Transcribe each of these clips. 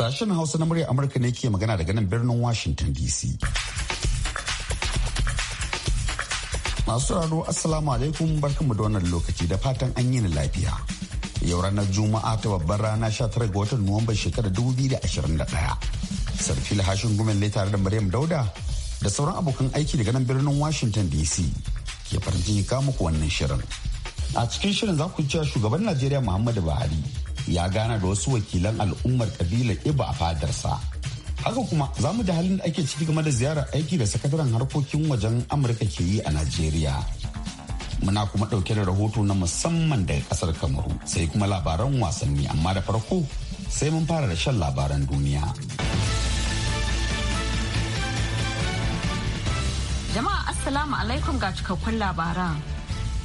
Sashen Hausa na murya Amurka ne ke magana daga nan birnin Washington DC. Masu raro Assalamu alaikum barkanmu da wannan lokaci da fatan an yi ni lafiya. Yau ranar Juma'a ta babbar rana sha 19 ga watan Nuwamban shekarar 2021. Sarki lahashin gumen ne tare da Maryam Dauda da sauran abokan aiki daga nan birnin Washington DC ke farin ciki muku wannan shirin. A cikin shirin za ku cewa shugaban Najeriya Muhammadu Buhari ya gana da wasu wakilan al'ummar kabilar iba a fadarsa haka kuma za mu da halin da ake ciki game da ziyarar aiki da sakataren harkokin wajen amurka ke yi a najeriya muna kuma dauke da rahoto na musamman daga kasar kamaru sai kuma labaran wasanni amma da farko sai mun fara da shan labaran duniya jama'a assalamu alaikum ga cikakkun labaran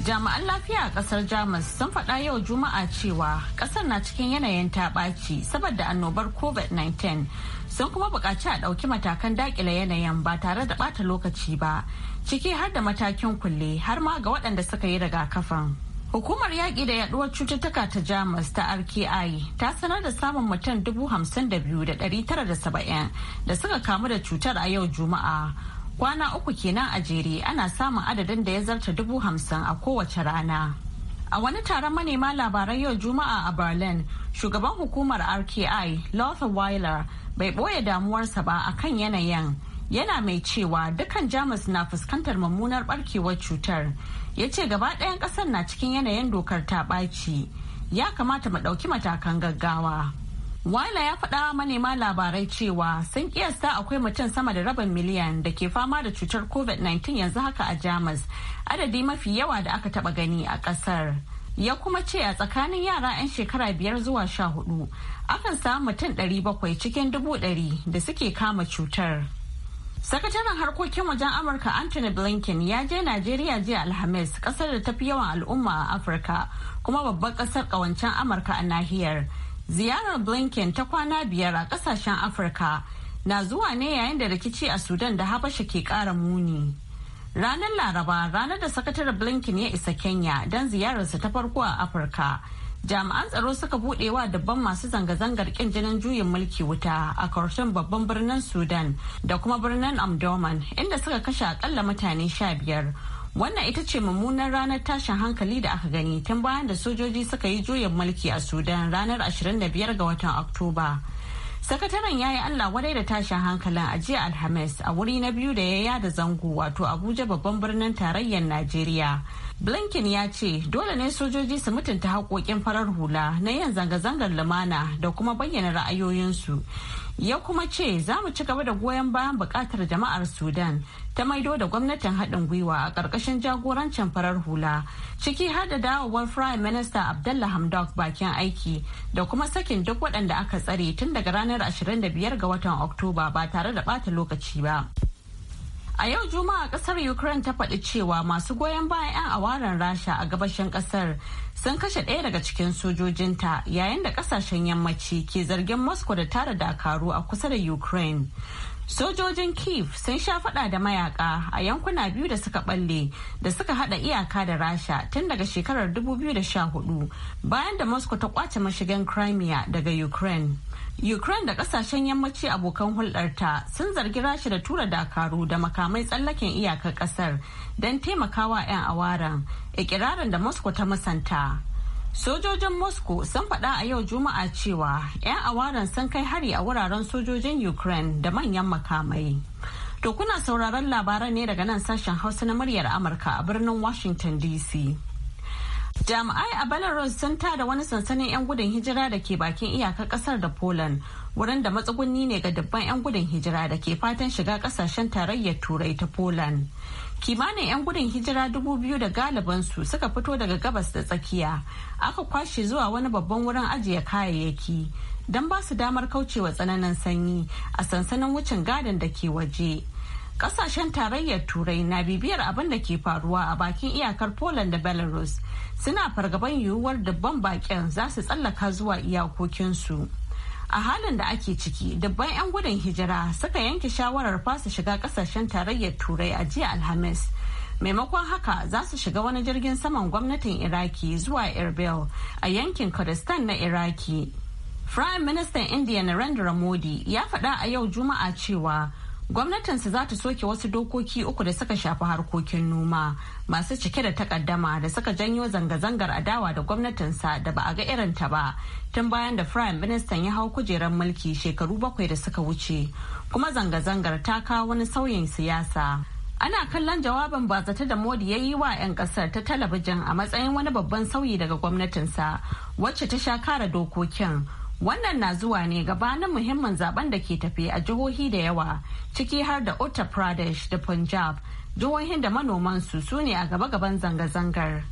jami'an lafiya a kasar jamus sun faɗa yau juma'a cewa kasar na cikin yanayin taɓaci saboda annobar covid-19 sun kuma buƙaci a ɗauki matakan daƙile yanayin ba tare da ɓata lokaci ba ciki har da matakin kulle har ma ga waɗanda suka yi rigakafan hukumar yaƙi da yaɗuwar cututtuka ta jamus ta rki ta sanar da samun mutum dubu hamsin da da ɗari tara da saba'in da suka kamu da cutar a yau juma'a kwana uku kenan a jere ana samun adadin da ya zarta dubu hamsin a kowace rana a wani taron manema labaran yau juma'a a berlin shugaban hukumar rki lothar weiler bai boye damuwarsa ba akan yanayin yana mai cewa dukkan jamus na fuskantar mummunar barkewar cutar ya ce gaba ɗayan ƙasar na cikin yanayin dokar ta ɓaci ya kamata mu ɗauki matakan gaggawa Wala ya faɗa manema labarai cewa sun kiyasta akwai mutum sama da rabin miliyan da ke fama da cutar COVID-19 yanzu haka a Jamus, adadi mafi yawa da aka taɓa gani a ƙasar. Ya kuma ce a tsakanin yara 'yan shekara biyar zuwa sha hudu, akan samu mutum ɗari bakwai cikin dubu ɗari da suke kama cutar. Sakataren harkokin wajen Amurka Anthony Blinken ya je Najeriya jiya Alhamis, ƙasar da tafi yawan al'umma a Afirka, kuma babban ƙasar ƙawancen Amurka a nahiyar. ziyarar blinken ta kwana biyar a kasashen afirka na zuwa ne yayin da rikici a sudan da habasha ke kara muni ranar laraba ranar da sakataren blinken ya isa kenya don ziyararsa ta farko a afirka jami'an tsaro suka buɗe wa dabban masu zanga-zangar ƙin jinin juyin mulki wuta a karshen babban birnin sudan da kuma birnin amdoman inda suka kashe akalla mutane sha biyar wannan ita ce mummunar ranar tashin hankali da aka gani tun bayan da sojoji suka yi juyin mulki a sudan ranar 25 ga watan oktoba sakataren ya yi allah wadai da tashin hankalin a jiya alhamis a wuri na biyu da ya yada zango wato abuja babban birnin tarayyar najeriya blinken ya ce dole ne sojoji su mutunta haƙoƙin farar hula na yin zanga-zangar lumana da kuma bayyana ra'ayoyinsu ya kuma ce za mu ci gaba da goyon bayan bukatar jama'ar sudan ta maido da gwamnatin haɗin gwiwa a ƙarƙashin jagorancin farar hula ciki har da dawowar prime minister abdullah hamdok bakin aiki da kuma sakin duk waɗanda aka tsare tun daga ranar 25 ga watan oktoba ba tare da ɓata lokaci ba A yau Juma'a kasar Ukraine ta faɗi cewa masu goyon bayan 'yan awaren Rasha a gabashin kasar sun kashe ɗaya daga cikin sojojinta yayin da kasashen yammaci ke zargin Moscow da tara dakaru a kusa da Ukraine. Sojojin Kiev sun sha faɗa da mayaka a yankuna biyu da suka ɓalle da suka haɗa iyaka da Rasha tun daga shekarar 2014 bayan da Moscow ta ƙwace mashigan Crimea daga Ukraine. Ukraine da kasashen yammaci abokan hulɗarta sun zargi rashi da tura dakaru da makamai tsallaken iyakar ƙasar don taimakawa 'yan awaran, ikirarin da Moscow ta musanta. Sojojin Moscow sun faɗa a yau Juma'a cewa 'yan awaran sun kai hari a wuraren sojojin Ukraine da manyan makamai. To kuna sauraron labaran ne daga nan sashen Hausa na muryar Amurka a birnin Washington DC. Jami'ai a Belarus sun tada wani sansanin 'yan gudun hijira da ke bakin iyakar kasar da Poland, wurin da matsugunni ne ga dubban 'yan gudun hijira da ke fatan shiga kasashen tarayyar Turai ta Poland. Kimanin 'yan gudun hijira dubu biyu da galibansu suka fito daga gabas da tsakiya, aka kwashe zuwa wani babban wurin ajiye kayayyaki don ba su damar kaucewa tsananin sanyi a sansanin wucin gadon da ke waje. kasashen tarayyar turai na bibiyar abin da ke faruwa a bakin iyakar poland da belarus suna fargaban yiwuwar dubban bakin za su tsallaka zuwa iyakokinsu a halin da ake ciki dubban 'yan gudun hijira suka yanke shawarar fasa shiga kasashen tarayyar turai a jiya alhamis maimakon haka za su shiga wani jirgin saman gwamnatin iraki zuwa erbil a yankin kurdistan na iraki prime minister india narendra modi ya faɗa a yau juma'a cewa Gwamnatinsu za ta soke wasu dokoki uku da suka shafi harkokin noma masu cike da takaddama da suka janyo zanga-zangar adawa da gwamnatinsa da ba a ga irin ta ba tun bayan da Prime Minister ya hau kujerar mulki shekaru bakwai da suka wuce kuma zanga-zangar ta kawo wani sauyin siyasa. Ana kallon jawabin bazata da Modi ya yi wa 'yan kasar ta talabijin a matsayin wani babban sauyi daga gwamnatinsa wacce ta sha kara dokokin. Wannan na zuwa ne gabanin muhimmin zaben da ke tafe a jihohi da yawa ciki har da Uttar Pradesh da Punjab jihohin da manoman su sune a gaba-gaban zanga-zangar.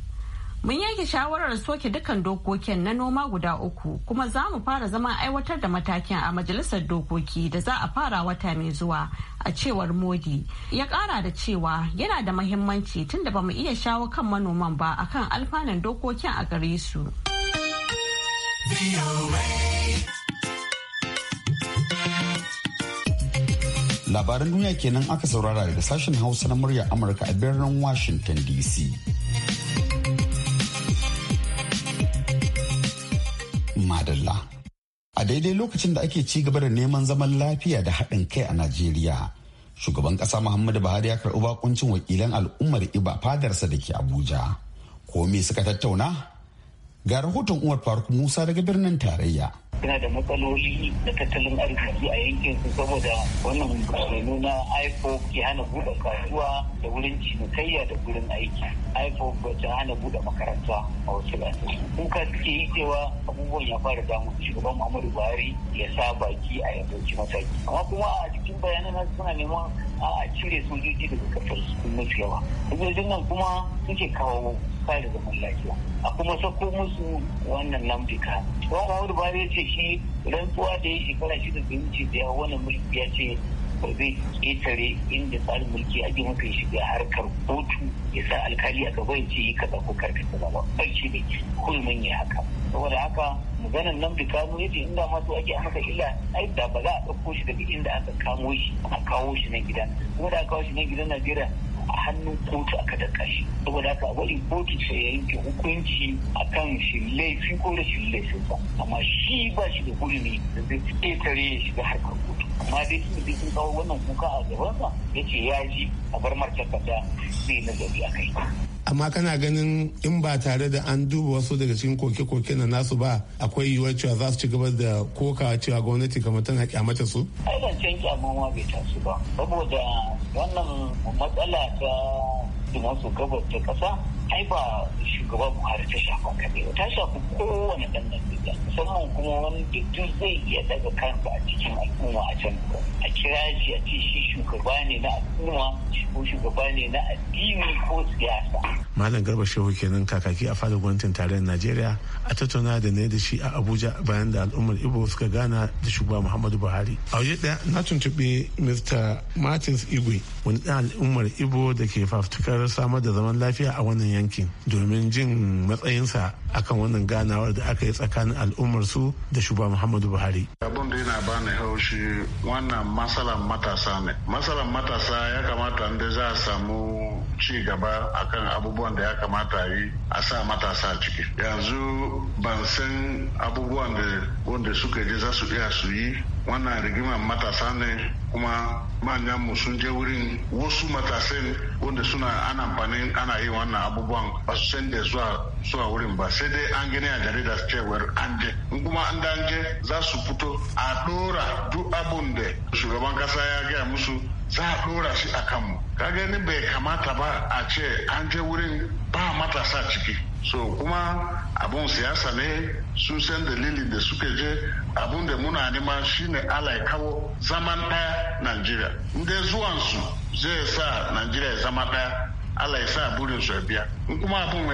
Mun yanke shawarar soke dukkan dokokin na noma guda uku kuma za mu fara zama aiwatar da matakin a majalisar dokoki da za a fara wata mai zuwa a cewar Modi. Ya kara da cewa yana da mahimmanci tunda ba mu iya shawo kan manoman ba akan alfanun dokokin a gare su. Labaran duniya kenan aka saurara daga sashen Hausa na murya Amurka a birnin Washington DC. Madalla. A daidai lokacin da ake ci gaba da neman zaman lafiya da haɗin kai a Najeriya, shugaban ƙasa Muhammadu Buhari ya karɓi bakuncin wakilan al'ummar Iba fadarsa da ke Abuja. Ko me suka tattauna? Ga rahoton Umar Faruk Musa daga birnin tarayya. suna da matsaloli da tattalin arziki a yankin su saboda wannan musulmi na ipop ke hana buɗe kasuwa da wurin cinikayya da wurin aiki ipop ba ta hana buɗe makaranta a wasu lantarki kuka suke yi cewa abubuwan ya fara damu shugaban muhammadu buhari ya sa baki a yanzu mataki amma kuma a cikin bayanan suna neman a cire sojoji daga kafar su mafi yawa sojojin nan kuma suke kawo kare zaman lafiya a kuma sako musu wannan lambika. Wani Muhammadu Buhari ya ce shi rantsuwa da ya shekara shi da wuce da ya wani mulki ya ce ba zai ketare inda tsarin mulki a gina kai shiga harkar kotu ya sa alkali a gaba ya ce yi kaza ko karkata ba ba shi ne hulmin ya haka saboda haka maganan nan da kamo yadda inda masu ake masa illa ai da ba za a ɗauko shi daga inda aka kamo shi a kawo shi na gidan kuma da aka kawo shi na gidan najeriya a hannun kotu aka daka shi saboda haka wani kotu sai ya yanke hukunci a kan shi laifi ko laifin ba amma shi ba shi da ne da zai ƙetare ya shiga harkar kotu amma dai tun da sun kawo wannan kuka a gabansa ya ce ya ji a bar martaba da zai nazari a kai amma kana ganin in ba tare da an duba wasu daga cikin koke-koke na nasu ba akwai yiwuwar cewa za su ci gaba da koka cewa gwamnati kamar tana kyamata su? Ai ban can kyaman ma bai taso ba saboda wannan matsala ta maso gabas ta ƙasa ai ba shugaba buhari ta shafa kaɗai ta shafi kowane ɗan lafiya kuma wani duk zai iya daga kansa a cikin al'umma a can a kira shi a ce shugaba ne na al'umma ko shugaba ne na addini ko siyasa malam garba shehu kenan kakaki a fadar gwamnatin tarayyar najeriya a tattauna da ne da shi a abuja bayan da al'ummar ibo suka gana da shugaba muhammadu buhari a waje daya na tuntuɓi mr martins igwe wani ɗan al'ummar ibo da ke fafutukar samar da zaman lafiya a wannan yankin domin jin matsayinsa akan wannan ganawar da aka yi tsakanin al'ummarsu al'ummar su da shugaban muhammadu buhari abin da yana bani haushi wannan matsalan matasa ne matsalan matasa ya kamata inda za a samu ci gaba akan abubuwan da ya kamata yi a sa matasa ciki yanzu ban san abubuwan da wanda suka je za su iya su yi wannan rigimar matasa ne kuma manyan mu sun je wurin wasu matasan wanda suna ana amfani ana yi wannan abubuwan ba su san da zuwa zuwa wurin ba sai dai an gani a jarida cewar an je in kuma an da an je za su fito a dora duk abun da shugaban kasa ya gaya musu za a dora shi a kanmu ka gani bai kamata ba a ce an je wurin ba matasa ciki so kuma abun siyasa ne sun san dalilin da suke je abun da muna nema shine ala kawo zaman daya najeriya inda zuwansu zai sa najeriya zama daya ala ya sa burin su biya in kuma abun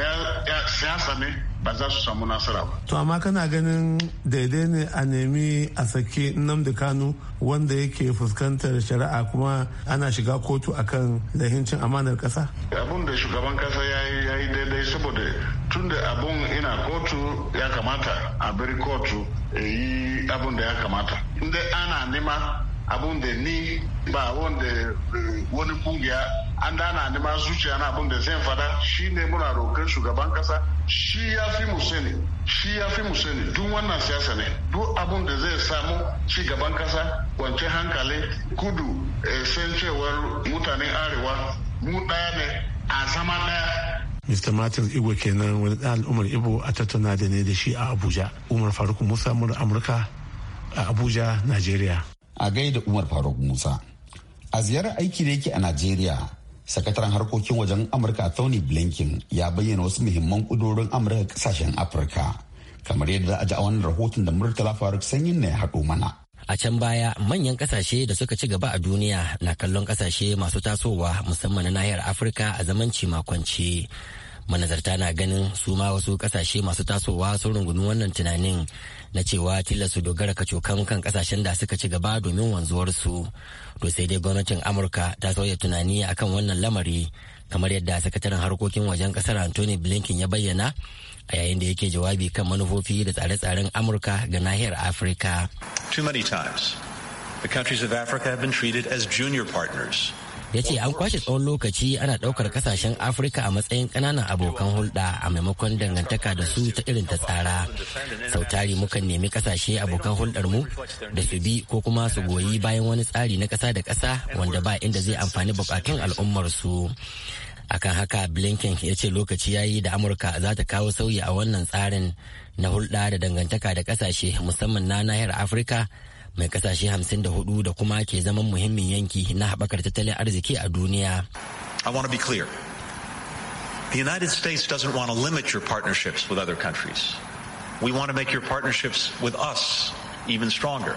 ya siyasa ne ba za su samu nasara ba. To amma kana ganin daidai ne a nemi a sake Nnamdi Kanu wanda yake fuskantar shari'a kuma ana shiga kotu a kan lahincin amanar kasa? Abun da shugaban kasa ya yi daidai saboda tun da abun ina kotu ya kamata a bari kotu yi abun da ya kamata. Inda ana nema abun da ni ba wanda eh, wani kungiya an dana ni ma zuciya na abun da zan fada shi ne muna roƙar shugaban kasa shi ya fi mu shi ya fi mu sani duk wannan siyasa ne duk abun da zai samu ci gaban kasa kwance hankali kudu eh, san cewar mutanen arewa mu ɗaya ne a zama ɗaya Mr. martin Igwe kenan wani ɗan al'ummar ibo a tattauna da ne da shi a Abuja. Umar Faruk Musa Amurka a Abuja, Najeriya. a gaida umar faruk musa a ziyarar aiki da yake a najeriya sakataren harkokin wajen amurka tony blinken ya bayyana wasu muhimman kudurorin amurka kasashen afirka kamar yadda a ji a wannan rahoton da murtala faruk sanyin na ya haɗo mana a can baya manyan kasashe da suka ci gaba a duniya na kallon kasashe masu tasowa musamman na nahiyar afirka a zamanci makwanci manazarta na ganin su ma wasu kasashe masu tasowa sun rungumi wannan tunanin na cewa tilasta dogara kacokan kan kasashen da suka ci gaba domin wanzuwarsu to sai dai gwamnatin amurka ta sauya tunani akan wannan lamari kamar yadda sakataren harkokin wajen kasar anthony blinken ya bayyana a yayin da yake jawabi kan manufofi da tsare-tsaren amurka ga nahiyar afirka too many times the countries of africa have been treated as junior partners ya ce an kwashe tsawon lokaci ana ɗaukar kasashen afirka a matsayin ƙananan abokan hulɗa a maimakon dangantaka da su ta irin ta tsara sau tari mukan nemi kasashe abokan hulɗar mu da su bi ko kuma su goyi bayan wani tsari na ƙasa da ƙasa wanda ba inda zai amfani bukatun al'ummar su akan haka blinken ya ce lokaci ya yi da amurka za ta kawo sauyi a wannan tsarin na hulɗa da dangantaka da ƙasashe musamman na nahiyar afirka mai kasashe 54 da da kuma ke zaman muhimmin yanki na haɓakar tattalin arziki a duniya. I want to be clear. The United States doesn't want to limit your partnerships with other countries. We want to make your partnerships with us even stronger.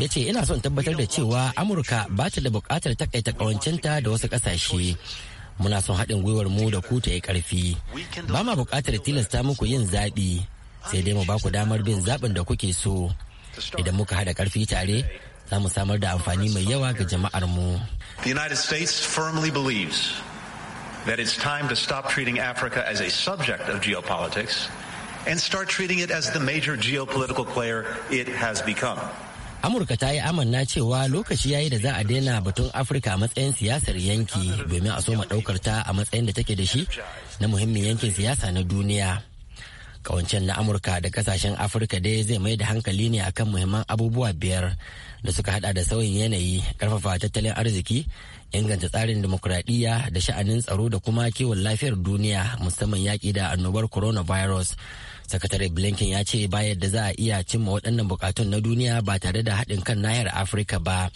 ya ce ina son tabbatar da cewa amurka ba ta da bukatar takaita kawancinta da wasu kasashe muna son haɗin gwiwar mu da ku ta yi ƙarfi ba ma bukatar tilasta muku yin zaɓi sai dai mu ba ku damar bin zaɓin da kuke so Idan muka haɗa ƙarfi tare, za mu samar da amfani mai yawa ga jama'ar mu. The United States firmly believes that it's time to stop treating Africa as a subject of geopolitics and start treating it as the major geopolitical player it has become. amurka ta yi amanna cewa lokaci yayi da za a daina batun afirka a matsayin siyasar yanki domin a soma ɗaukar ta a matsayin da take da shi na muhimmin yankin siyasa na duniya kawancen na amurka da kasashen afirka dai zai mai da hankali ne akan muhimman abubuwa biyar da suka hada da sauyin yanayi karfafa tattalin arziki inganta tsarin demokuraɗiyya da sha'anin tsaro da kuma kiwon lafiyar duniya musamman yaƙi da annobar coronavirus sakatare blinken ya ce ba da za a iya cimma waɗannan bukatun na duniya ba tare da haɗin kan nahiyar afirka ba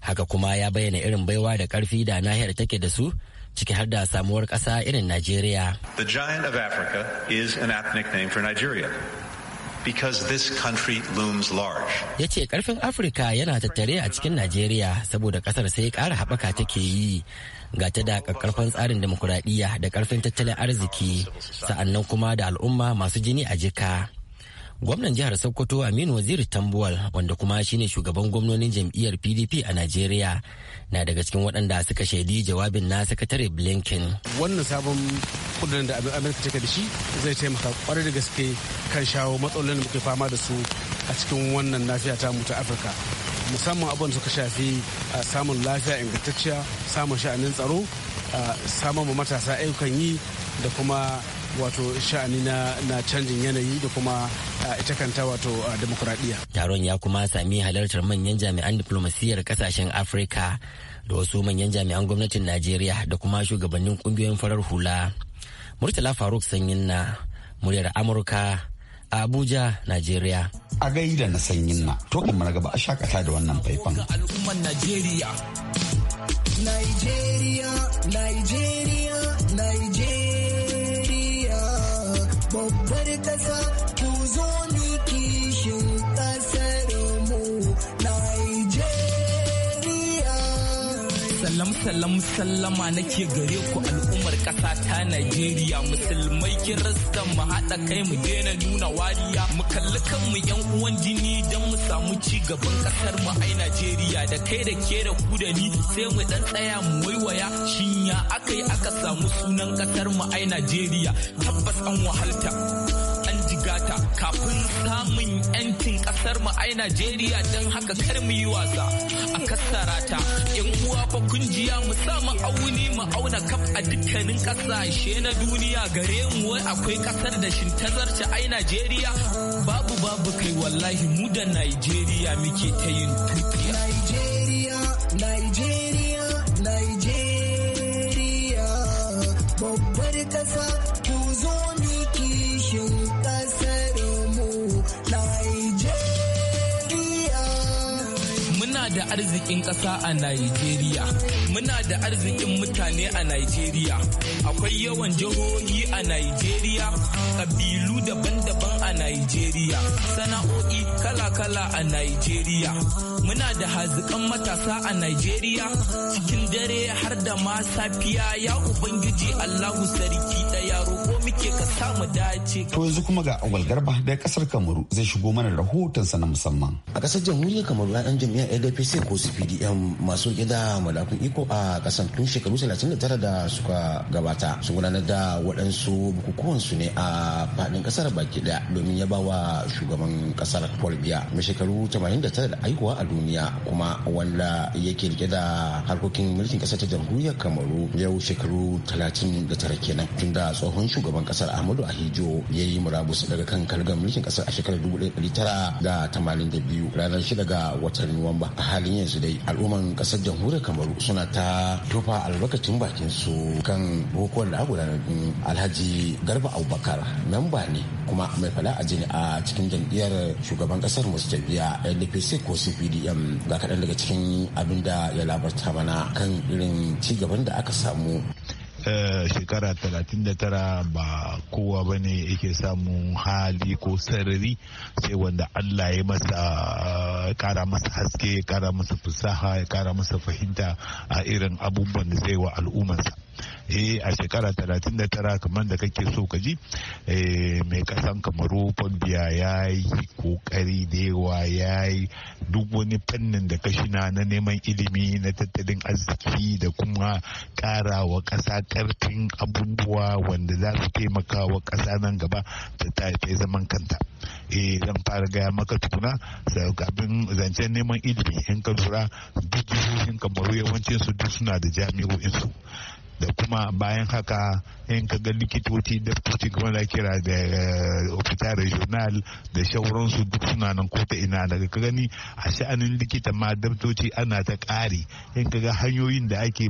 haka kuma ya bayyana irin baiwa da ƙarfi da nahiyar take da su ciki har da samuwar ƙasa irin Najeriya. The giant of Africa is an ethnic name for Nigeria. because this country looms large. Ya ce karfin Afirka yana tattare a cikin Najeriya saboda ƙasar sai ƙara haɓaka take yi. Ga ta da ƙarfin tsarin demokuraɗiyya da ƙarfin tattalin arziki sa'annan kuma da al'umma masu jini a jika. gwamnan jihar sokoto aminu waziri tambuwal wanda kuma shine shugaban gwamnonin jam'iyyar pdp a najeriya na daga cikin waɗanda suka shaidi jawabin na sakatare blinken wannan sabon kudin da amurka take da shi zai taimaka kwarai da gaske kan shawo matsalolin da muke fama da su a cikin wannan lafiya ta ta afirka musamman abin suka shafi samun lafiya ingantacciya samun sha'anin tsaro samun matasa ayyukan yi da kuma wato sha'ani na canjin yanayi da kuma uh, ita kanta wato uh, demokuraɗiyya. Taron ya kuma sami halartar manyan jami'an diplomasiyyar kasashen Afirka da wasu manyan jami'an gwamnatin Najeriya da kuma shugabannin kungiyoyin farar hula. Murtala Faruk Sanyin na muryar Amurka Abuja, Najeriya. A gaida na sanyin na, to kuma na gaba a shakata da wannan faifan. Al'ummar Najeriya. salam sallama nake gare ku al'ummar ƙasa ta Najeriya musulmai rasta mu haɗa kai mu daina nuna wariya mu kalli kanmu yan uwan jini don mu samu ci gaban ƙasar mu ai Najeriya da kai da ke da ku da ni sai mu dan tsaya mu waiwaya shinya akai aka samu sunan ƙasar mu ai Najeriya tabbas an wahalta kafin samun 'yancin kasar mu ai Najeriya don haka kar mu yi wasa a kassara ta yan uwa fa kunjiya mu sa mu auni mu auna kaf a dukkanin kasashe na duniya gare mu wai akwai kasar da shin zarce ai Najeriya babu babu kai wallahi mu da Najeriya muke ta yin tukiya Najeriya Najeriya Najeriya babbar kasa arzikin ƙasa a Najeriya. Muna da arzikin mutane a Najeriya. Akwai yawan jihohi a Najeriya, ƙabilu daban-daban a Najeriya, sana'o'i kala-kala a Najeriya. Muna da hazikan matasa a Najeriya, cikin dare har da ma safiya ya Ubangiji Allahu Sarki ɗaya roƙo. muke kasa mu dace. To yanzu kuma ga Awal Garba da kasar Kamaru zai shigo mana rahotonsa na musamman. A kasar jamhuriyar Kamaru ya dan jami'ar ADPC ko CPDM masu gida malakun iko a kasan tun shekaru 39 da suka gabata sun gudanar da wadansu bukukuwan su ne a faɗin kasar baki ɗaya domin ya bawa shugaban kasar Paul Biya mai shekaru 89 da aikuwa a duniya kuma wanda yake rike da harkokin mulkin kasar ta jamhuriyar Kamaru yau shekaru 39 kenan tun da tsohon shugaban shugaban kasar ahmadu ahijo ya yi murabus daga kan kalgar mulkin kasar a shekarar 1982 ranar 6 ga watan nuwamba a halin yanzu dai al'umman kasar jamhuriyar kamaru suna ta tofa albarkacin bakin su kan hukumar da gudanar alhaji garba abubakar memba ne kuma mai fala a jini a cikin jam'iyyar shugaban kasar mustabiya ndpc ko cpdm ga kaɗan daga cikin abin da ya labarta mana kan irin ci gaban da aka samu Eh, shekara 39 ba kowa ba ne yake samun hali ko sarari sai wanda allah ya masa eh, kara masa haske ya kara masa fasaha ya kara masa fahimta a irin abubuwan da zai wa al'ummarsa eh a shekara 39 kamar da kake so ka ji eh, mai kasan kamaru fobia ya yi kokari da yawa ya yi duk wani fannin da kashi na neman ilimi na tattalin arziki da kuma kara wa kasa karfin abubuwa wanda za su taimaka wa kasa nan gaba ta tafi zaman kanta eh zan fara gaya maka tukuna abin zancen neman ilimi in ka lura duk jihohin kamaru yawancin su duk suna da jami'o'insu. su da kuma bayan haka in ka ga likitoci kuma da kira da ofita eh, regional da shauransu duk suna nan ko ta ina daga ka gani a sha'anin likita ma dabtoci ana ta ƙari in ka ga hanyoyin da ake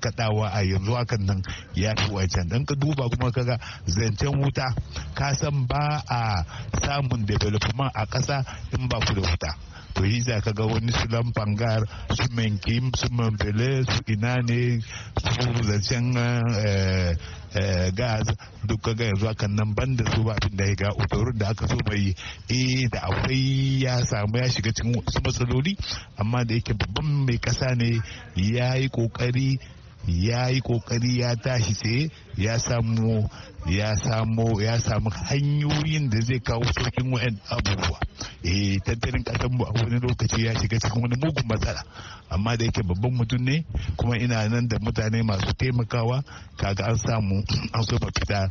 kadawa a yanzu akan nan ya fi wancan dan ka duba kuma kaga zancen wuta ka san ba a samun development a ƙasa in ba ku da wuta to yi za ka ga wani su lamfangar su menkim su manfele su ina ne su zancen eh, Eh, gas duk kaga yanzu akan nan banda su ba abin da ya ga otorin da aka so bai eh da akwai ya samu ya shiga cikin wasu matsaloli amma da yake babban mai kasa ne ya yi kokari ya yi kokari ya tashi tsaye ya samu ya samu ya samu hanyoyin da zai kawo saukin wa'in abubuwa eh tattalin kasan mu a wani lokaci ya shiga cikin wani mugun matsala amma da yake babban mutum ne kuma ina nan da mutane masu taimakawa kaga an samu an so mafita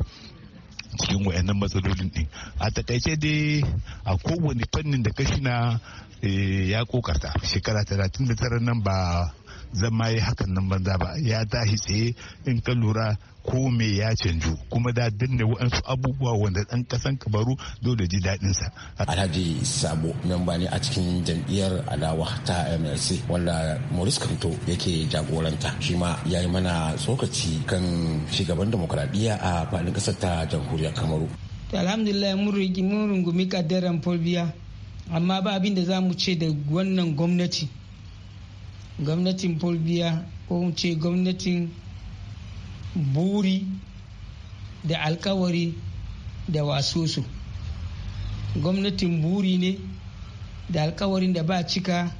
cikin nan matsalolin din a takaice dai a kowane fannin da kashi na eh, ya kokarta shekara 39 nan ba zama ya hakan nan banza ba ya tashi tsaye in ka lura ko me ya canju kuma da danne wa'ansu abubuwa wanda ɗan ka kabaru dole ji daɗin sa. Alhaji Sabo memba ne a cikin jam'iyyar alawa ta MLC wanda Maurice Kanto yake jagoranta shi ma ya yi mana tsokaci kan shugaban demokuraɗiyya a faɗin kasar ta jamhuriyar Kamaru. Alhamdulillah mun rungumi kaddaran Fulbiya amma ba abin da za mu ce da wannan gwamnati. gwamnatin polbiya ko ce gwamnatin buri da alkawari da wasosu gwamnatin buri ne da alkawarin da ba cika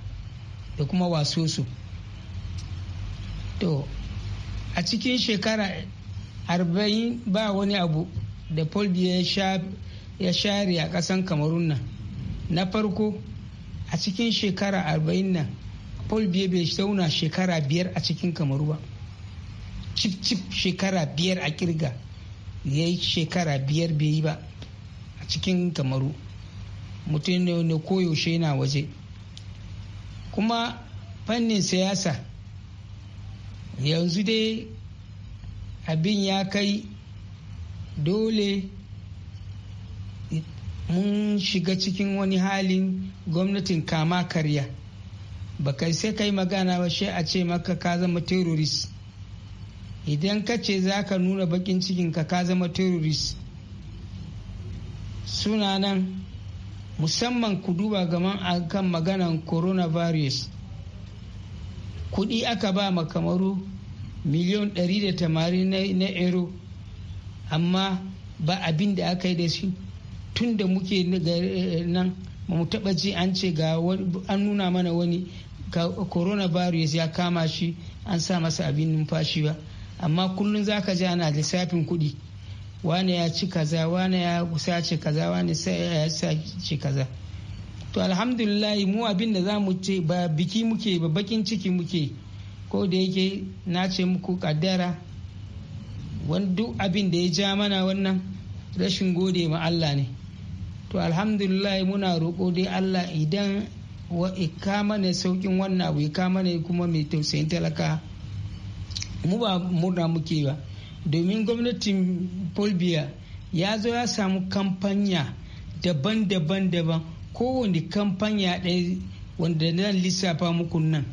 da kuma wasosu to a cikin shekara arba'in ba wani abu da polbiya ya share a kasan kamarun nan na farko a cikin shekara arba'in nan paul biya bai zauna shekara biyar a cikin kamaru ba cif cif shekara biyar a kirga ya yi shekara biyar bai yi ba a cikin kamaru mutum ne koyaushe na waje kuma fannin siyasa yanzu dai abin ya kai dole mun shiga cikin wani halin gwamnatin kama karya ba kai sai kai magana ba shi a ce maka ka zama terrorist idan ka ce za ka nuna bakin cikinka ka zama terrorist suna nan musamman ku duba gaman kan maganan coronavirus kudi aka ba ma kamaru miliyon 180 na euro amma ba abin da aka yi da shi tun da muke eh, nan mu taɓa ji an ce ga an nuna mana wani coronavirus ya kama shi an sa masa abin numfashi ba amma kullum za ka ji ana lissafin kuɗi wane ya ci kaza wane ya sace kaza wane ya sace kaza to alhamdulillah mu abin da za mu ce ba biki muke ba bakin ciki muke ko da yake na ce muku kaddara duk abin da ya ja mana wannan rashin gode ma Allah ne to alhamdulillah muna roƙo dai Allah idan ka mana saukin wannan abu ka mana kuma mai tausayin talaka mu ba murna muke ba domin gwamnatin polbia ya zo ya samu kamfanya daban-daban daban kowane kamfanya ɗaya wanda nan lissafa muku nan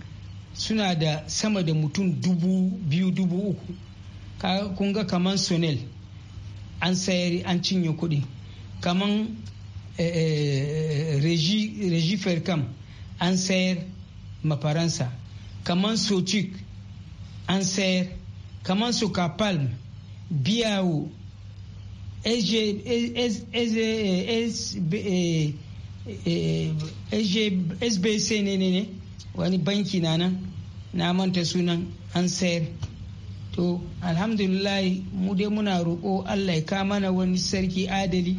suna da sama da mutum dubu biyu dubu uku kun ga kaman sonel an sayari an cinye kuɗi kaman eh, eh, eh, regifer kam. an sayar ma faransa kamar sochik an sayar kamar su kapalm biyawo sbc eh, eh, ne ne ne wani banki na nan na manta sunan an sayar to alhamdulillahi mu dai muna roƙo allah ya kama mana wani sarki adali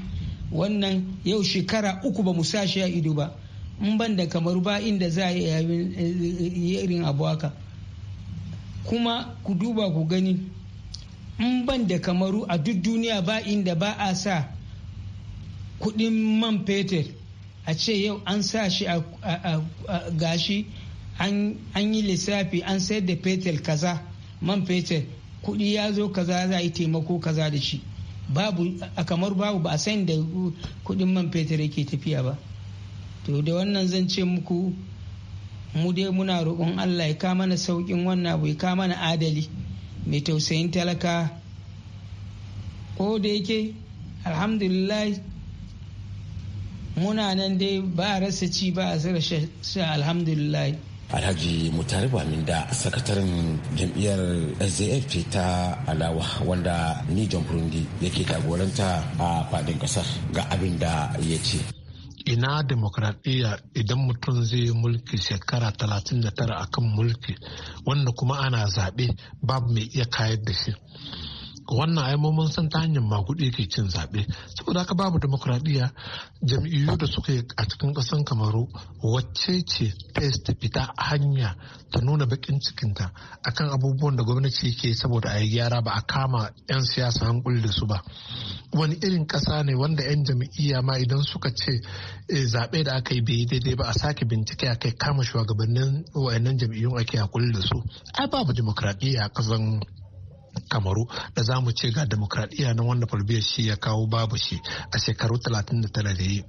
wannan yau shekara uku ba mu sa shi a ido ba in ban da kamar ba inda za a yi eh, eh, irin abu haka kuma ku duba ku gani in ban da kamaru a duk duniya ba inda ba a sa kudin man fetur a ce yau an sa shi a gashi an yi lissafi an sayar da fetur kaza man fetur kudi ya zo kaza za a yi taimako kaza da shi a kamar babu ba a san da kudin man fetur yake tafiya ba to da wannan zan ce muku mu dai muna roƙon allah ya kama mana sauƙin wannan abu ya kama mana adali mai tausayin talaka ko da yake alhamdulillah muna nan dai ba a rasa ci ba a zira sha alhamdulillah alhaji mutari da sakataren jam'iyyar sdfp ta alawa wanda ni john burundi yake jagoranta a fadin ƙasar ga abin da ya ce ina demokradiyya idan mutum zai yi mulki shekara 39 akan mulki wanda kuma ana zaɓe babu mai iya kayar da shi wannan aimomin mun san ta hanyar maguɗi ke cin zaɓe saboda haka babu demokradiyya jam'iyyu da suka yi a cikin ƙasan kamaru wacce ce ta fita hanya ta nuna baƙin cikinta akan abubuwan da gwamnati ke saboda a yi gyara ba a kama 'yan siyasa an da su ba wani irin ƙasa ne wanda 'yan jam'iyya ma idan suka ce eh, zaɓe da aka yi bai daidai ba a sake bincike a kai kama shugabannin wa'annan jam'iyyun ake a da su ai babu demokradiyya a ƙasan kamaru da za mu ce ga demokradiyya na wanda falbiyar shi ya kawo babu shi a shekaru 39 da yi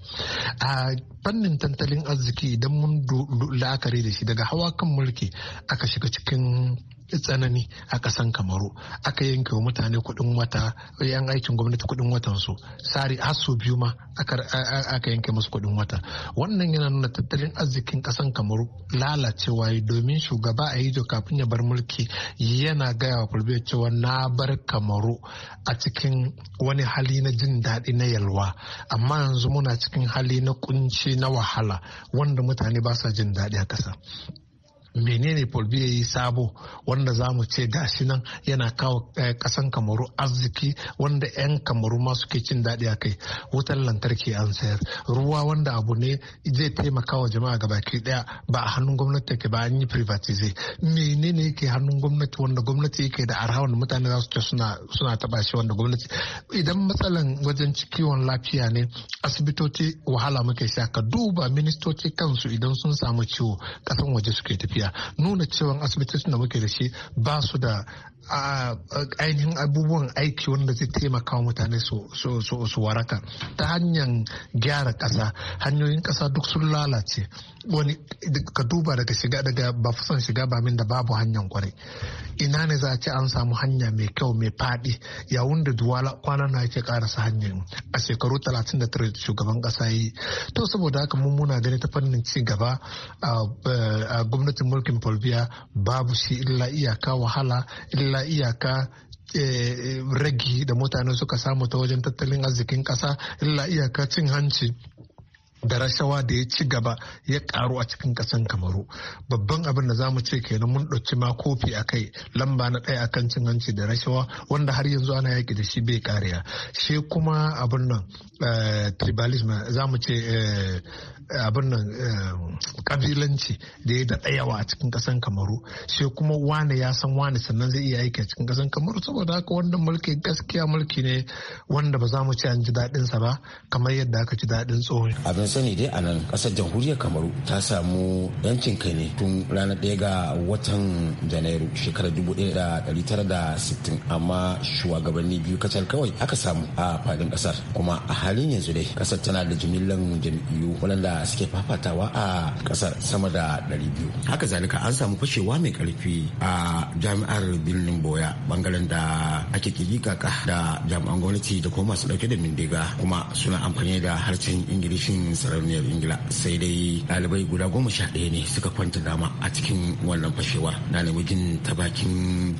a fannin tattalin arziki idan mun la'akari da shi daga hawa kan mulki aka shiga cikin tsanani a kasan kamaru aka yanke wa mutane kuɗin wata yan aikin gwamnati kuɗin watan su sari har biyu ma aka yanke musu kuɗin wata wannan yana nuna tattalin arzikin kasan kamaru lalacewa domin shugaba a yi kafin ya bar mulki yana gaya wa fulbe cewa na bar kamaru a cikin wani hali na jin daɗi na yalwa amma yanzu muna cikin hali na kunci na wahala wanda mutane ba sa jin daɗi a kasa menene Paul biya yi sabo wanda zamu mu ce gashi nan yana kawo kasan eh, kamaru arziki wanda 'yan kamaru ma ke cin daɗi a kai wutar lantarki an sayar ruwa wanda abu ne zai taimaka wa jama'a ki daya ba a hannun gwamnati take ba an yi privatize menene yake hannun gwamnati wanda gwamnati yake da arha wanda mutane za su ce suna suna taba shi wanda gwamnati idan matsalan wajen kiwon lafiya ne asibitoci wahala muke sha ka duba ministoci kansu idan sun samu ciwo kasan waje suke tafiya lafiya nuna cewa asibitocin da muke da shi ba su da ainihin abubuwan aiki wanda zai taimaka wa mutane su waraka ta hanyar gyara ƙasa hanyoyin ƙasa duk sun lalace wani ka duba daga shiga daga ba fusan shiga ba min da babu hanyar kwarai ina ne za a ce an samu hanya mai kyau mai faɗi yawun da duwala kwanan na yake karasa hanyar a shekaru 39 shugaban kasa yi to saboda haka mun muna gani ta fannin ci gaba a gwamnatin mulkin folbiya babu shi illa iyaka wahala illa iyaka e, e, ragi da mutane suka samu ta wajen tattalin arzikin kasa illa iyaka cin hanci da rashawa da ya ci gaba ya karu a cikin kasan kamaru babban abin da zamu ce kenan mun ɗauki ma kofi a kai lamba na ɗaya akan cin hanci da rashawa wanda har yanzu ana yaki da shi bai kariya shi kuma abin nan eh, tribalism zamu ce eh, abin nan kabilanci eh, da ya daɗa yawa a cikin kasan kamaru shi kuma wane ya san wani sannan zai iya aiki a cikin kasan kamaru saboda haka wanda mulki gaskiya mulki ne wanda ba za mu ce an ji daɗinsa ba kamar yadda aka ji daɗin tsohon sani dai a nan kasar jamhuriyar kamaru ta samu yancin kai ne tun ranar ɗaya ga watan janairu shekarar sittin, amma shugabanni biyu kacal kawai aka samu a fadin kasar kuma a halin yanzu dai kasar tana da jimillan jam'iyyu waɗanda suke fafatawa a kasar sama da biyu. haka zalika an samu fashewa mai karfi a jami'ar birnin boya bangaren da ake kaka da jami'an gwamnati da kuma masu dauke da mindiga kuma suna amfani da harshen ingilishin sarauniyar ingila sai dai ɗalibai guda goma sha ɗaya ne suka kwanta dama a cikin wannan fashewar na namijin ta bakin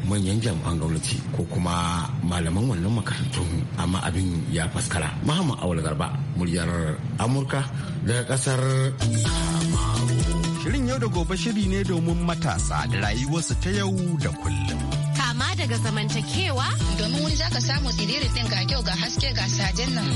manyan jami'an gwamnati ko kuma malaman wannan makarantun amma abin ya faskara muhammad awal garba muryar amurka daga kasar shirin yau da gobe shiri ne domin matasa da rayuwarsu ta yau da kullum kama daga zamantakewa domin wani za ka samu tsiriri ɗin ga kyau ga haske ga sajen nan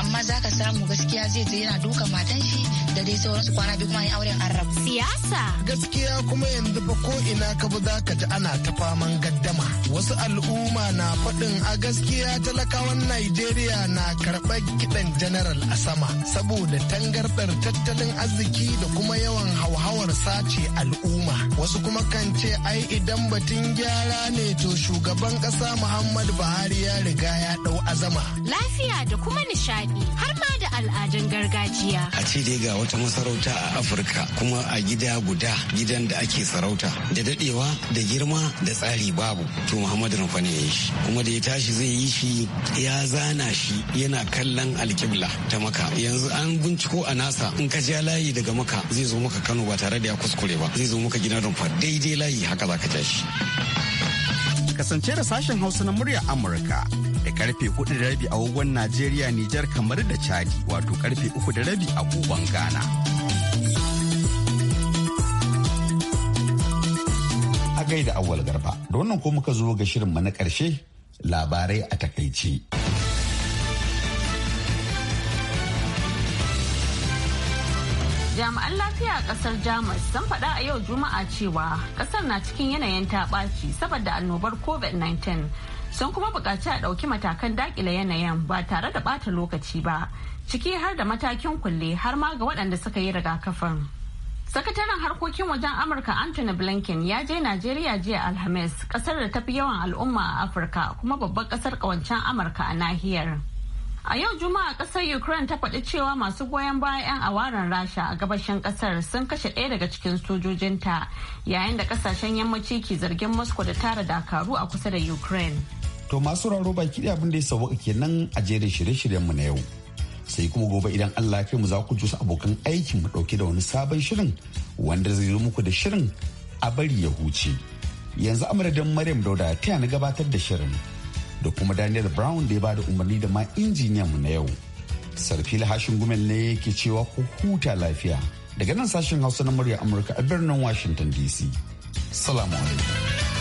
amma za ka samu gaskiya zai je yana duka matan shi da dai sauransu kwana biyu kuma ne auren arab. Siyasa. Gaskiya kuma yanzu fa ko ina ka bi za ka ji ana ta faman gaddama. Wasu al'umma na faɗin a gaskiya talakawan Najeriya na karɓar kiɗan general a sama saboda tangarɗar tattalin arziki da kuma yawan hauhawar sace al'umma. Wasu kuma kan ce ai idan batun gyara ne to shugaban ƙasa Muhammadu Buhari ya riga ya ɗau azama. Lafiya da kuma nishaɗi har ma al'adun gargajiya. A ce dai ga wata masarauta a Afirka kuma a gida guda gidan da ake sarauta da dadewa da girma da tsari babu to Muhammadu Rufa ne ya shi kuma da ya tashi zai yi shi ya zana shi yana kallon alkibla ta maka yanzu an binciko a nasa in ka ja layi daga maka zai zo maka Kano ba tare da ya kuskure ba zai zo maka gidan rumfa daidai layi haka za ka ja shi. Kasance da sashen Hausa na murya Amurka karfe 4:30 da rabi Najeriya Nijar kamar da Chadi wato karfe uku da rabi Ghana. A gaida awal garba, da wannan ko muka zo ga shirinmu na karshe labarai a takaici. jami'an lafiya a kasar jamus sun faɗa a yau juma'a cewa kasar na cikin yanayin ta taɓaci saboda annobar covid-19 sun kuma buƙaci a ɗauki matakan daƙile yanayin ba tare da ɓata lokaci ba ciki har da matakin kulle har ma ga waɗanda suka yi rigakafin. sakataren harkokin wajen amurka anthony blinken ya je najeriya jiya alhamis ƙasar da tafi yawan al'umma a afirka kuma babbar ƙasar kawancen amurka a nahiyar. A yau Juma'a kasar Ukraine ta faɗi cewa masu goyon bayan 'yan awaran Rasha a gabashin kasar sun kashe ɗaya daga cikin sojojinta yayin da kasashen yammaci ke zargin Moscow da tara dakaru a kusa da Ukraine. To masu raro baki da abin da ya sauka kenan a jerin shirye-shiryenmu na yau. Sai kuma gobe idan Allah ya mu za ku ji abokan aikin mu ɗauke da wani sabon shirin wanda zai zo muku da shirin a bari ya huce. Yanzu amadadin Maryam Dauda ta na gabatar da shirin. da kuma daniel brown da ya bada umarni da ma injiniyan mu na yau sarfi hashin gumel ne yake cewa ku huta lafiya daga nan sashen hausa na murya amurka a birnin washington dc salamu alaikum